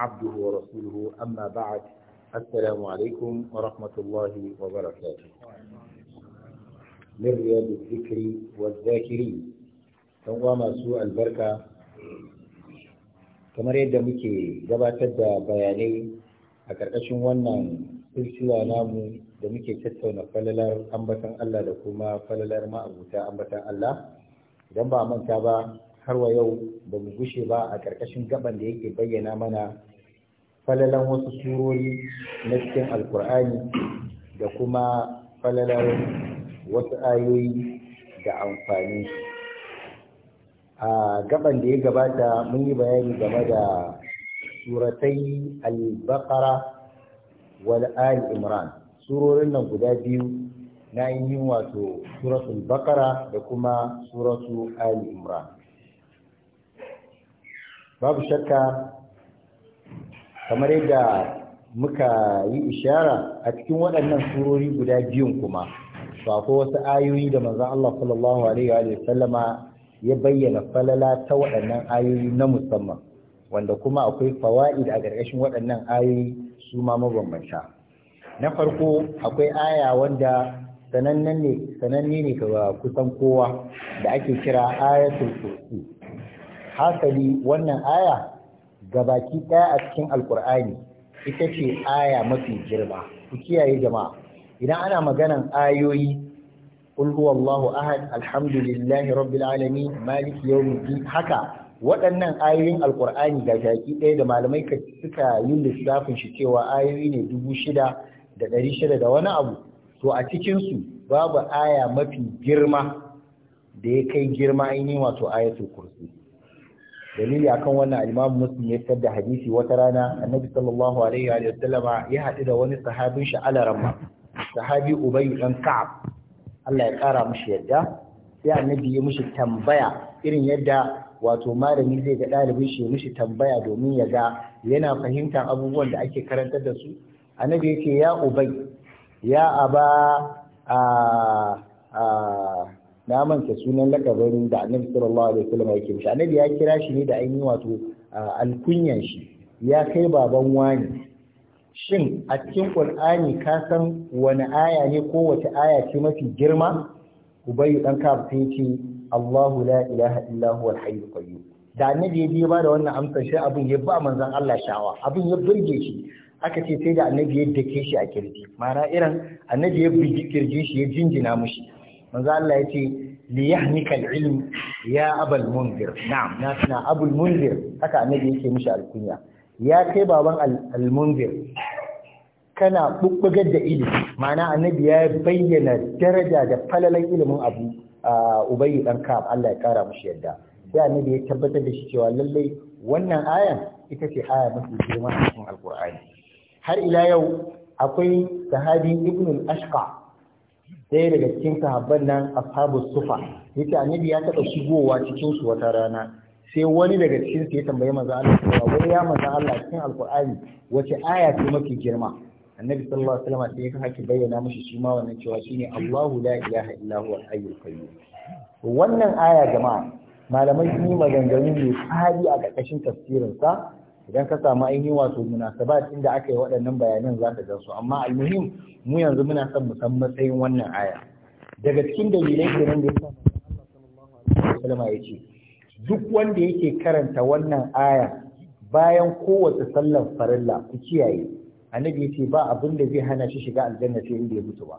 عبده ورسوله أما بعد السلام عليكم ورحمة الله وبركاته من رياض الذكر والذاكرين ما سوء البركة kamar yadda muke gabatar da bayanai a ƙarƙashin wannan silsila namu da muke tattauna falalar ambatan Allah da kuma falalar ma'abuta ambatan Allah idan ba manta ba har wa yau bamu bushe ba a ƙarƙashin gaɓan da yake bayyana mana falalan wasu surori na cikin alkur'ani da kuma falalan wasu ayoyi da amfani a gaban da ya gabata mun yi bayani game da suratai al-baqara wal ali imran surorin nan guda biyu na yi wato suratul baqara da kuma suratul ali imran babu shakka kamar yadda muka yi ishara a cikin waɗannan surori guda biyun kuma ba ko wasu ayoyi da manzon Allah sallallahu alaihi wa sallama ya bayyana falala ta waɗannan ayoyi na musamman wanda kuma akwai fawaid a ƙarƙashin waɗannan ayoyi su ma mabambanta na farko akwai aya wanda sananne ne sananne ne ga kusan kowa da ake kira ayatul kursi hasali wannan aya Ga baki ɗaya a cikin alkur'ani ita ce aya mafi girma ku kiyaye jama'a idan ana maganan ayoyi qul huwallahu ahad alhamdulillahi rabbil alamin maliki yawmiddin haka waɗannan ayoyin alkur'ani ga ɗaya da malamai suka yi lissafin shi cewa ayoyi ne dubu shida da ɗari shida da wani abu to a cikinsu babu aya mafi girma da ya kai girma ainihin wato ayatul kursi dalili akan wannan al-Imam Muslim ya fitar da hadisi wata rana Annabi sallallahu alaihi wa ya haɗu da wani sahabin shi alaramma sahabi Ubay dan Ka'ab Allah ya kara mishi yadda sai Annabi ya mushi tambaya irin yadda wato malami zai ga ɗalibin shi mushi tambaya domin ya ga yana fahimtar abubuwan da ake karantar da su Annabi yake ya Ubay ya aba a na manta sunan lakabin da annabi sallallahu alaihi wasallam yake mishi annabi ya kira shi ne da ainihin wato alkunyan shi ya kai baban wani shin a cikin qur'ani ka san wani aya ne ko wace aya ce mafi girma ubayyu dan ka sai ce Allahu la ilaha illa huwa al-hayyul qayyum da annabi ya je ba da wannan amsar shi abin ya ba manzon Allah shawa abin ya burge shi aka ce sai da annabi ya dake shi a kirji ma'ana irin annabi ya bi kirji shi ya jinjina mushi manzo Allah yace li yahnika ilm ya abal munzir na'am na tana abul munzir haka annabi yake mishi alkunya ya kai baban al-munzir kana bubbugar da ilimi ma'ana annabi ya bayyana daraja da falalan ilimin abu ubayyi dan kab Allah ya kara mishi yadda sai annabi ya tabbatar da shi cewa lallai wannan ayan ita ce aya mafi girma a cikin alkur'ani har ila yau akwai sahabi ibn al-ashqa ɗaya daga cikin sahabban nan ashabu sufa yace annabi ya taɓa shigowa cikin su wata rana sai wani daga cikin su ya tambayi manzo Allah cewa wai ya manzo Allah cikin alqur'ani wace aya ce mafi girma annabi sallallahu alaihi wasallam sai ya bayyana mishi shi ma wannan cewa shine Allahu la ilaha illa huwa al-hayyul qayyum wannan aya jama'a malamai sun yi maganganu mai tsari a ƙarƙashin tafsirin sa idan ka samu ainihin wato munasabat da aka yi waɗannan bayanan za ka gansu amma almuhim mu yanzu muna son mu san matsayin wannan aya daga cikin dalilai ke kenan da yasa Allah ya ce duk wanda yake karanta wannan aya bayan kowace sallar farilla ku kiyaye annabi yace ba abin da zai hana shi shiga aljanna sai inda ya mutu ba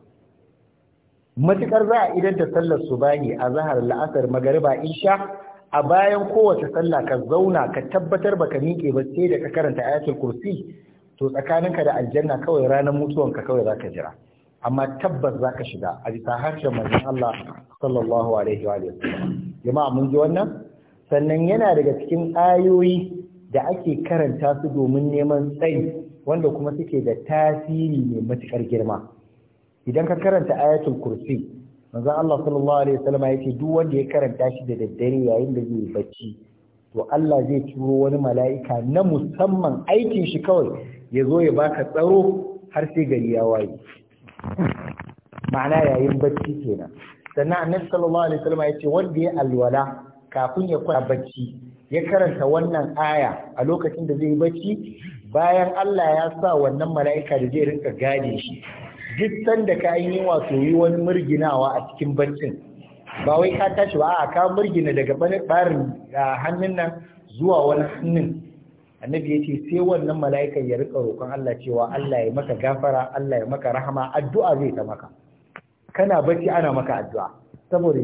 matukar za a idan da sallar subani a zahar la'asar magariba isha a bayan kowace sallah ka zauna ka tabbatar baka miƙe ba sai da ka karanta ayatul kursi to tsakaninka da aljanna kawai ranar mutuwanka kawai zaka jira amma tabbas zaka shiga a bisa harshen manzon Allah sallallahu alaihi wa alihi jama'a mun ji wannan sannan yana daga cikin ayoyi da ake karanta su domin neman tsayi wanda kuma suke da tasiri mai matukar girma idan ka karanta ayatul kursi manzon Allah sallallahu alaihi wasallam yake duk wanda ya karanta shi da daddare yayin da zai bacci to Allah zai turo wani mala'ika na musamman aikin shi kawai ya zo ya baka tsaro har sai gari ya waye ma'ana yayin bacci kenan sannan annabi sallallahu alaihi wasallam yace wanda ya alwala kafin ya kwanta bacci ya karanta wannan aya a lokacin da zai bacci bayan Allah ya sa wannan mala'ika da zai rinka gade shi duk sanda ka yi wato yi wani murginawa a cikin baccin ba wai ka tashi ba a ka murgina daga barin hannun nan zuwa wani hannun annabi ya ce sai wannan mala'ikan ya rika roƙon Allah cewa Allah ya maka gafara Allah ya maka rahama addu'a zai ta maka kana bacci ana maka addu'a saboda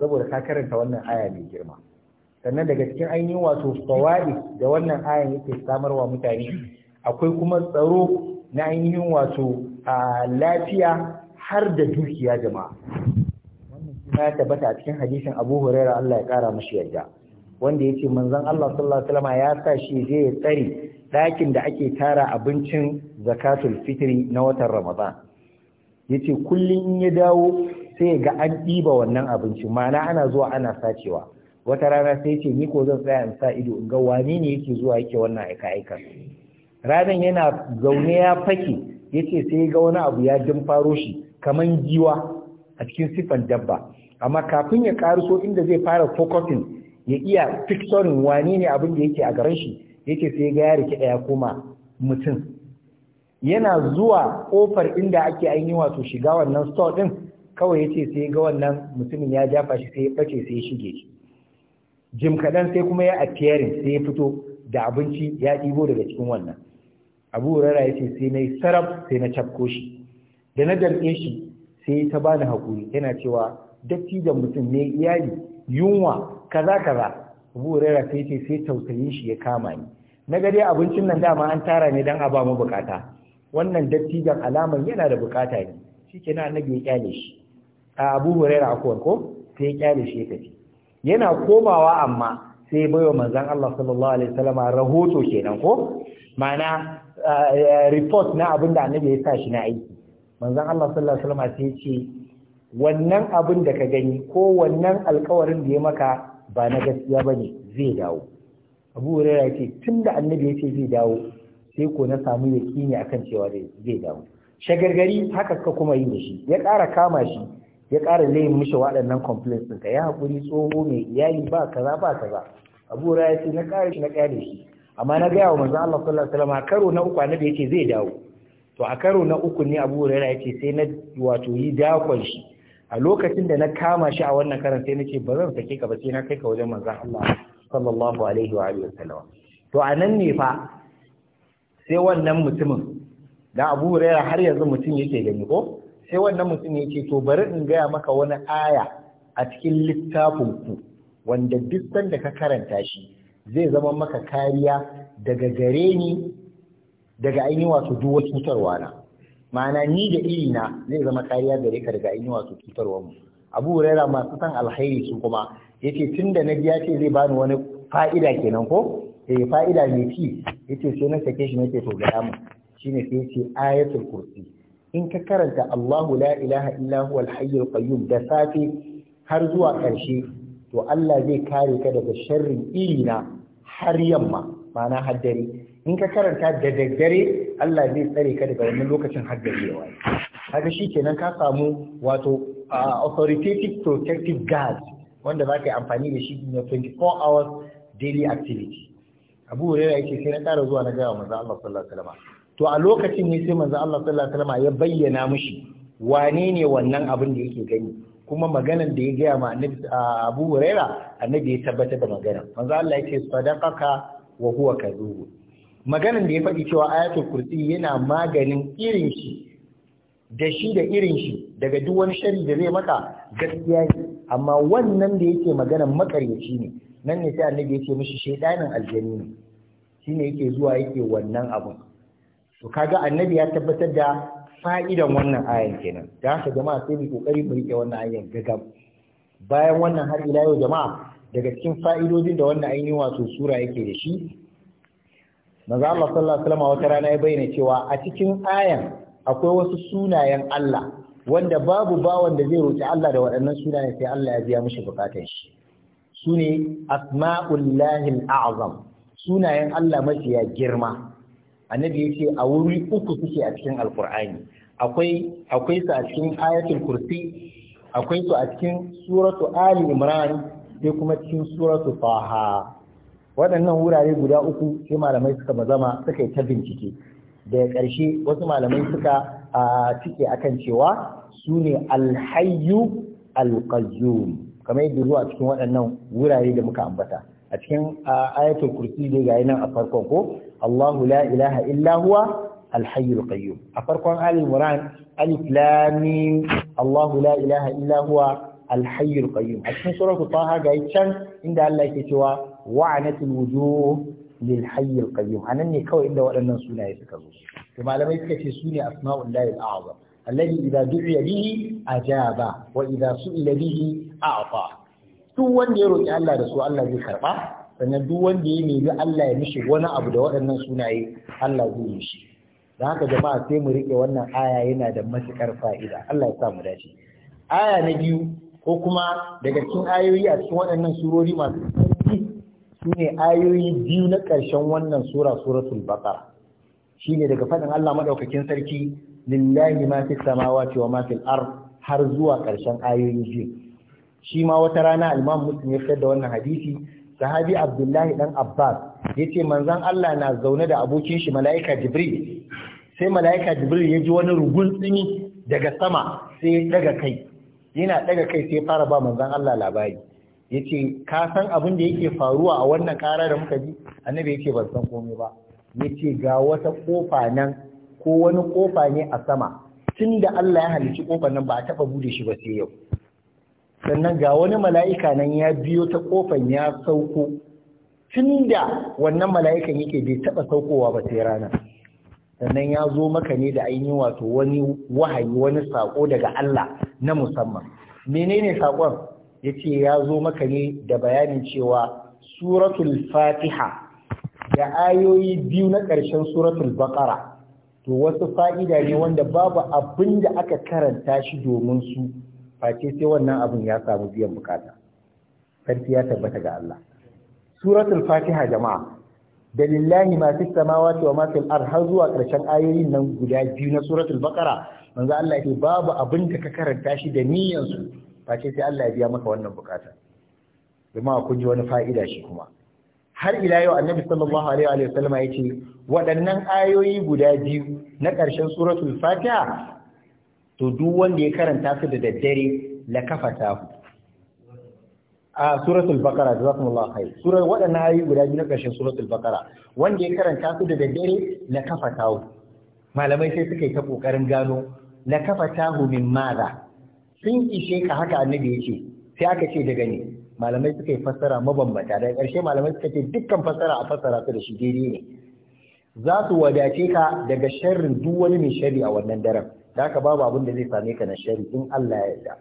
saboda ka karanta wannan aya mai girma sannan daga cikin ainihin wato fawaid da wannan aya yake samarwa mutane akwai kuma tsaro na ainihin wato a lafiya har da dukiya jama'a wannan shi ya tabbata a cikin hadisin Abu Hurairah Allah ya kara mashi yadda. wanda yake manzon Allah sallallahu alaihi wasallam ya sa shi je ya tsare ɗakin da ake tara abincin zakatul fitri na watan Ramadan yace kullun in ya dawo sai ga an ɗiba wannan abincin ma'ana ana zuwa ana sacewa wata rana sai ce ni ko zan tsaya in sa ido in ga wani ne yake zuwa yake wannan aika aika ranan yana zaune ya fake yace sai ga wani abu ya jin faro shi kaman giwa a cikin sifan dabba amma kafin ya kariso inda zai fara focusing ya iya picturing wani ne abin da yake a garin shi yace sai ga ya rike daya koma mutum yana zuwa ƙofar inda ake ainihin wato shiga wannan store din kawai yace sai ga wannan mutumin ya jafa shi sai ya ɓace sai ya shige shi jim kaɗan sai kuma ya appearing sai ya fito da abinci ya ɗibo daga cikin wannan abu hurara ya ce sai na yi sarraf sai na cafko shi da na darƙe shi sai ta bani haƙuri yana cewa dattijan mutum ne iyali yunwa kaza kaza abu hurara sai ce sai tausayin shi ya kama ni na ga dai abincin nan dama an tara ne don a ba mu bukata wannan dattijan alaman yana da bukata ne shi ke na annabi ya kyale shi a abu hurara akwai ko sai ya kyale shi ya tafi yana komawa amma sai wa manzan Allah sallallahu alaihi wasallam rahoto kenan ko ma'ana report na abin da annabi ya sa shi na aiki Manzan Allah sallallahu alaihi wasallam sai ce wannan abin da ka gani ko wannan alkawarin da ya maka ba na gaskiya bane zai dawo Abu Hurairah ya ce tunda annabi ya ce zai dawo sai ko na samu yakini akan cewa zai dawo shagargari haka suka kuma yi da shi ya ƙara kama shi ya ƙara layin mishi waɗannan complaints ɗin ka ya haƙuri tsoho mai iyali ba kaza ba kaza abu ya ce na ƙare shi na ƙare shi amma na gaya wa manzo Allah sallallahu alaihi wasallam karo na uku annabi yake zai dawo to a karo na uku ne Abu Hurairah ce sai na wato yi dakon shi a lokacin da na kama shi a wannan karan sai nace ba zan sake ka ba sai na kai ka wajen manzo Allah sallallahu alaihi wa alihi wasallam to anan ne fa sai wannan mutumin da Abu Hurairah har yanzu mutum yake gani ko sai wannan mutum ya ce to bari in gaya maka wani aya a cikin littafin ku wanda duk sanda ka karanta shi zai zama maka kariya daga gare ni daga ainihi wato duk wasu cutarwa na ma'ana ni da iri na zai zama kariya gare ka daga ainihi wato cutarwa mu abu masu san alheri su kuma yace tunda na biya ce zai bani wani fa'ida kenan ko eh fa'ida mai ci yace sai na sake shi nake to ga mu shine sai yace ayatul kursi in ka karanta Allahu la ilaha illa huwa al-hayyul qayyum da safe har zuwa ƙarshe to Allah zai kare ka daga sharrin irina har yamma ma'ana har dare in ka karanta da daddare Allah zai tsare ka daga wannan lokacin har dare ya haka shikenan ka samu wato authoritative protective guard wanda za ka yi amfani da shi in 24 hours daily activity abu da yake sai na ƙara zuwa na gaya wa manzo Allah sallallahu alaihi wasallam to a lokacin ne sai manzo Allah sallallahu alaihi wasallam ya bayyana mushi, wane ne wannan abin da yake gani kuma maganar da ya gaya ma Abu Huraira annabi ya tabbatar da maganar manzo Allah yake sadaqaka wa huwa kadhub maganar da ya faɗi cewa ayatul kursi yana maganin irin shi da shi da irin shi daga duk wani shari da zai maka gaskiya ne amma wannan da yake maganar makaryaci ne nan ne sai annabi ya ce mishi shaydanin aljanni shine yake zuwa yake wannan abun to kaga annabi ya tabbatar da fa'idan wannan ayan kenan da haka jama'a sai mu kokari mu rike wannan ayan gagab bayan wannan har ila yau jama'a daga cikin fa'idodin da wannan ainihin wato sura yake da shi manzo Allah sallallahu alaihi wasallam wata rana ya bayyana cewa a cikin ayan akwai wasu sunayen Allah wanda babu bawan da zai roki Allah da waɗannan sunayen sai Allah ya biya mishi bukatun shi sune asma'ullahi A'zam sunayen Allah mafiya girma annabi yace a wuri uku suke a cikin alqur'ani akwai akwai su a cikin ayatul kursi akwai su a cikin suratu ali imran sai kuma cikin suratu taha waɗannan wurare guda uku sai malamai suka mazama suka yi ta bincike da ƙarshe wasu malamai suka cike akan cewa su ne alhayyu alqayyum kamar yadda ruwa cikin waɗannan wurare da muka ambata a cikin ayatul kursi dai ga nan a farkon ko Allahu la ilaha illa huwa alhayyul qayyum a farkon Ali Imran alif lam mim Allahu la ilaha illa huwa alhayyul qayyum a cikin suratu Taha ga can inda Allah yake cewa wa'anatul wujuh lil hayyul qayyum anan ne kawai inda waɗannan sunaye suka zo to malamai suka ce sune asma'ullahi al-a'zam alladhi idza du'iya bihi ajaba wa idza su'ila bihi a'ta duk wanda ya roƙi Allah da su Allah zai karɓa sannan duk wanda ya nemi Allah ya mishi wani abu da waɗannan sunaye Allah zai yi shi da haka jama'a sai mu riƙe wannan aya yana da matuƙar fa'ida Allah ya sa mu dace aya na biyu ko kuma daga cikin ayoyi a cikin waɗannan surori masu tsarki su ne ayoyi biyu na ƙarshen wannan sura suratul baqara shine daga faɗin Allah madaukakin sarki lillahi ma fis samawati wa ma fil ard har zuwa ƙarshen ayoyi biyu shi ma wata rana imam Muslim ya fitar da wannan hadisi sahabi Abdullahi dan Abbas yace manzon Allah na zaune da abokin shi malaika Jibril sai malaika Jibril ya ji wani rugun tsini daga sama sai ya daga kai yana daga kai sai fara ba manzon Allah labari yace ka san abin da yake faruwa a wannan kara da muka ji annabi yace ban san komai ba yace ga wata kofa nan ko wani kofa ne a sama tun da Allah ya halicci kofar nan ba a taɓa bude shi ba sai yau sannan ga wani mala'ika nan ya biyo ta kofan ya sauko tun da wannan mala'ikan yake bai taɓa saukowa ba sai rana sannan ya zo maka ne da ainihin wato wani wahayi wani saƙo daga Allah na musamman menene saƙon ya ce ya zo maka ne da bayanin cewa suratul fatiha da ayoyi biyu na ƙarshen suratul baƙara to wasu fa'ida ne wanda babu abin da aka karanta shi domin su face sai wannan abin ya samu biyan bukata sarki ya tabbata ga Allah suratul fatiha jama'a da masu ma fi samawati wa ma fil ard har zuwa karshen ayoyin nan guda biyu na suratul baqara manzo Allah ya babu abin da ka karanta shi da niyyar su face sai Allah ya biya maka wannan bukata jama'a kun ji wani fa'ida shi kuma har ila yau annabi sallallahu alaihi wa sallam ya ce waɗannan ayoyi guda biyu na ƙarshen suratul fatiha to duk wanda ya karanta su da daddare la kafata a suratul baqara jazakumullahu khair surar waɗannan ayoyi guda biyu na ƙarshen suratul baqara wanda ya karanta su da daddare la kafata malamai sai suka yi ta kokarin gano la kafata min madha sun ishe ka haka annabi yake sai aka ce daga ne malamai suka yi fassara mabambata Da ƙarshe malamai suka ce dukkan fassara a fassara su da shi daidai ne za su wadace ka daga sharrin duk wani mai sharri a wannan daren da haka babu abin da zai same ka na shari in Allah ya yarda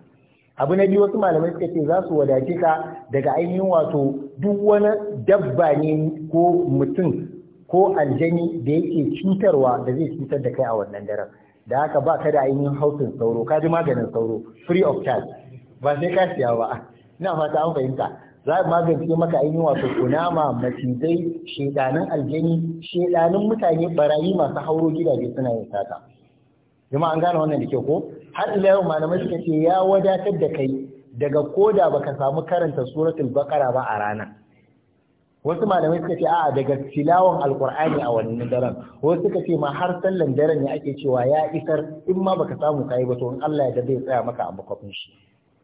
abu na biyu wasu malamai suka ce za su wadace ka daga ainihin wato duk wani dabba ne ko mutum ko aljani da yake cutarwa da zai cutar da kai a wannan daren da haka ba ka da ainihin hausin sauro ka ji maganin sauro free of charge ba sai ka siya ba ina fata an fahimta za a magance maka ainihin wato kunama macizai shedanin aljani shedanin mutane barayi masu hauro gidaje suna yin sata jama'a an gane wannan da ke ko har ila yau malamai suka ce ya wadatar da kai daga koda baka samu karanta suratul baqara ba a rana wasu malamai suka ce a'a daga tilawan alqur'ani a wannan daren wasu suka ce ma har sallan daren ne ake cewa ya isar in ma baka samu kai ba to in Allah ya da zai tsaya maka a makofin shi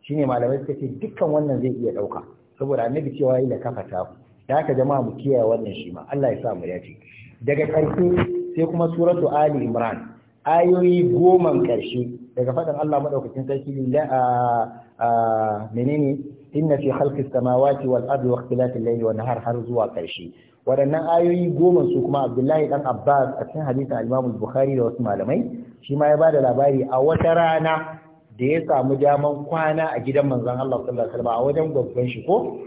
shine malamai suka ce dukkan wannan zai iya dauka saboda annabi cewa ila kafata da haka jama'a mu kiyaye wannan shi ma Allah ya sa mu dace daga karshe sai kuma suratu ali imran ayoyi goman ƙarshe daga faɗin Allah maɗaukacin sarki la a menene inna fi khalqis samawati wal ardi wa al layli wan nahar har zuwa ƙarshe waɗannan ayoyi goma su kuma Abdullahi dan Abbas a cikin hadisin al-Imam Bukhari da wasu malamai shi ma ya bada labari a wata rana da ya samu daman kwana a gidan manzon Allah sallallahu alaihi wasallam a wajen babban shi ko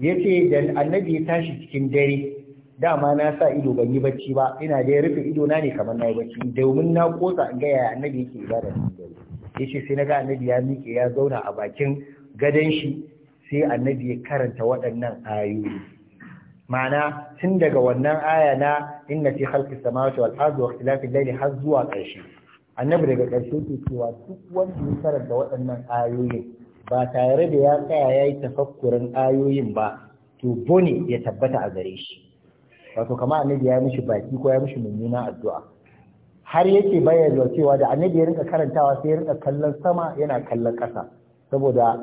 yace da annabi ya tashi cikin dare dama na sa ido ban yi bacci ba ina da ya rufe ido na ne kamar na yi bacci domin na kosa in gaya annabi yake ibada da dare yace sai naga annabi ya miƙe ya zauna a bakin gadon shi sai annabi ya karanta waɗannan ayoyi ma'ana tun daga wannan aya na inna fi khalqis samawati wal ardi wa ikhtilafil layli har zuwa ƙarshe annabi daga ƙarshe ke cewa duk wanda ya karanta waɗannan ayoyin ba tare da ya tsaya ya yi tafakkurin ayoyin ba to bone ya tabbata a gare shi wato kamar annabi ya mishi baki ko ya mishi mummuna addu'a har yake bayyana cewa da annabi ya rinka karantawa sai ya rinka kallon sama yana kallon ƙasa saboda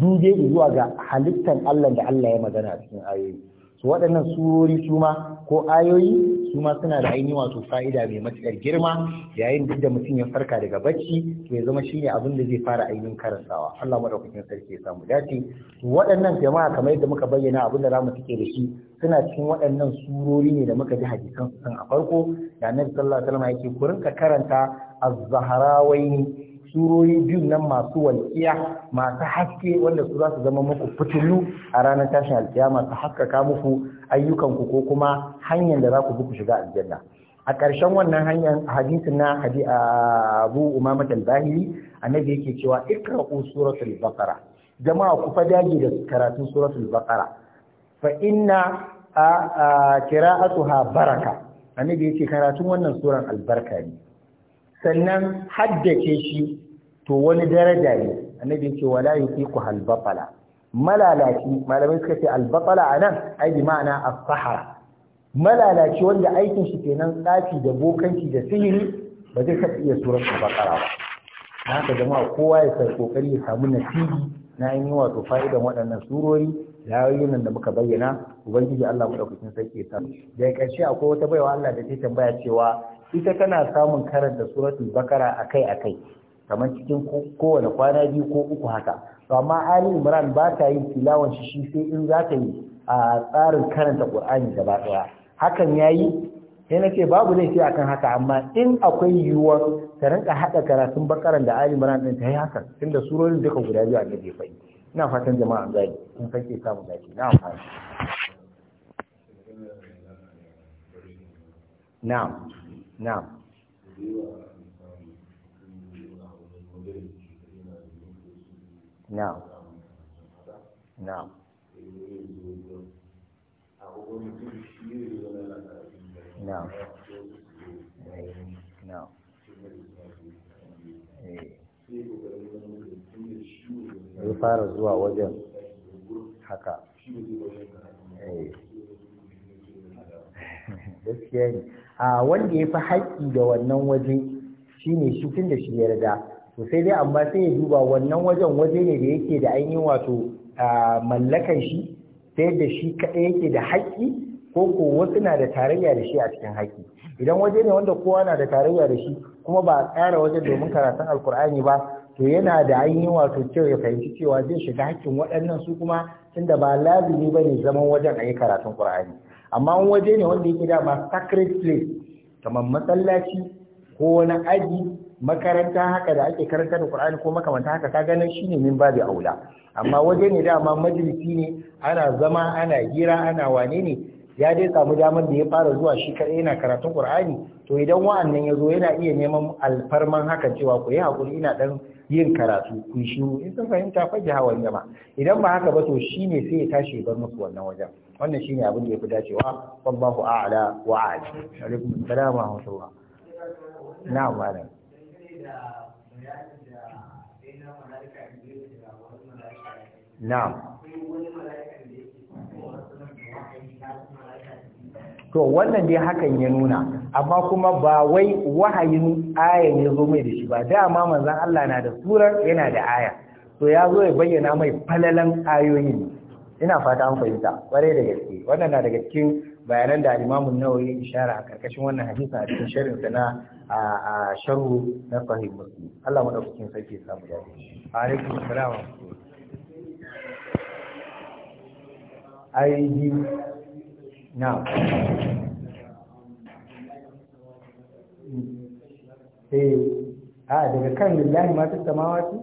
duge zuwa ga halittan Allah da Allah ya magana a cikin ayoyi su waɗannan surori su ma ko ayoyi su ma suna da ainihin wato fa'ida mai matuƙar girma yayin duk da mutum ya farka daga bacci to ya zama shine abin da zai fara ainihin karantawa Allah madaukakin sarki ya samu dace waɗannan jama'a kamar yadda muka bayyana abin da za mu take da shi suna cikin waɗannan surori ne da muka ji hadisan su a farko da Annabi sallallahu alaihi wasallam yake ku rinka karanta az-zahrawaini surori biyu nan masu walƙiya masu haske wanda su za su zama muku fitilu a ranar tashin alkiyama su haskaka muku ayyukanku ko kuma hanyar da za ku bi ku shiga aljanna a ƙarshen wannan hanyar hadisin na hadi abu umama talbahiri annabi yake cewa ikra'u suratul baqara jama'a ku fa dage da karatun suratul baqara fa inna qira'atuha baraka annabi yake karatun wannan suran albarka ne sannan haddace shi to wani daraja ne annabi yake wala ku halbatala malalaci malamai suka ce albatala nan, ai bi ma'ana as-sahara malalaci wanda aikin shi kenan tsafi da bokanci da sihiri ba zai taɓa iya surar bakara ba haka jama'a kowa ya kai kokari ya samu nasibi na ainihin wato fa'idan waɗannan surori da nan da muka bayyana ubangiji Allah madaukakin sarki ya samu daga ƙarshe akwai wata baiwa Allah da ta tambaya cewa ita kana samun karanta suratul bakara akai-akai kamar cikin kowane kwana biyu ko uku haka to amma ali imran ba ta yin tilawan shi shi sai in za ta yi a tsarin karanta qur'ani gaba daya hakan yayi sai nace babu laifi akan haka amma in akwai yiwuwar ta rinka hada karatun bakaran da ali imran din ta yi hakan tunda surorin duka guda biyu a gaje fa'i ina fatan jama'a an gani in kake samu gaji na amfani na'am نعم نعم نعم نعم نعم ya fara zuwa wajen haka eh. gaskiya ne a wanda ya fi haƙƙi da wannan waje shine shi tun da shi ya riga to sai dai amma sai ya duba wannan wajen waje ne da yake da ainihin wato mallakan shi ta yadda shi kaɗai yake da haƙƙi ko ko wasu na da tarayya da shi a cikin haƙƙi idan waje ne wanda kowa na da tarayya da shi kuma ba a tsara wajen domin karatun alkur'ani ba to yana da ainihin wato kyau ya fahimci cewa zai shiga haƙƙin waɗannan su kuma tunda ba lazimi ba ne zaman wajen a yi karatun ƙur'ani amma waje ne wanda yake dama sacred place kamar masallaci ko wani aji makaranta haka da ake karanta da Qur'ani ko makamanta haka ka ganin shine min babu aula amma waje ne dama majalisi ne ana zama ana hira ana wane ne ya dai samu damar da ya fara zuwa shi kadai yana karatun Qur'ani to idan wa'annan ya zo yana iya neman alfarman hakan cewa ku yi hakuri ina dan yin karatu ku shiru in sun fahimta fage hawan jama idan ba haka ba to shine sai ya tashi bar musu wannan wajen wannan shine abin da ya fi dacewa wallahu a'la wa a'lam alaikum assalam wa rahmatullah na'am malam na'am to wannan dai hakan ya nuna amma kuma ba wai wahayin aya ne zo mai da shi ba dama manzan Allah na da surar yana da aya to ya zo ya bayyana mai falalan ayoyin ina fata an fahimta kwarai da gaske wannan na daga cikin bayanan da Imam Nawawi ishara a karkashin wannan hadisi a cikin sharhin sa na a sharhu na sahih Muslim Allah madaukakin sarki ya samu dadi alaikum assalam ai na eh a daga kan lillahi masu fis samawati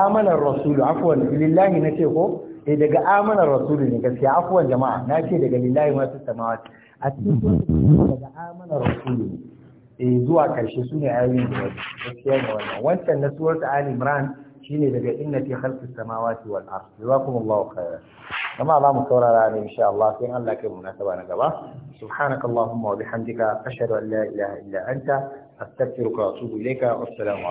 amanar rasulu afwan lillahi ce ko eh daga amanar rasulu ne gaskiya afwan jama'a na ce daga lillahi ma fis samawati a cikin daga amanar rasulu eh zuwa karshe ne ayoyin da gaskiya ne wannan wancan na surat ali imran ne daga inna fi khalqis samawati wal ardi jazakumullahu khairan nama za mu saurara ne insha Allah sai Allah kai munasaba na gaba subhanaka allahumma wa bihamdika ashhadu an la ilaha illa anta astaghfiruka wa atubu ilayka alaikum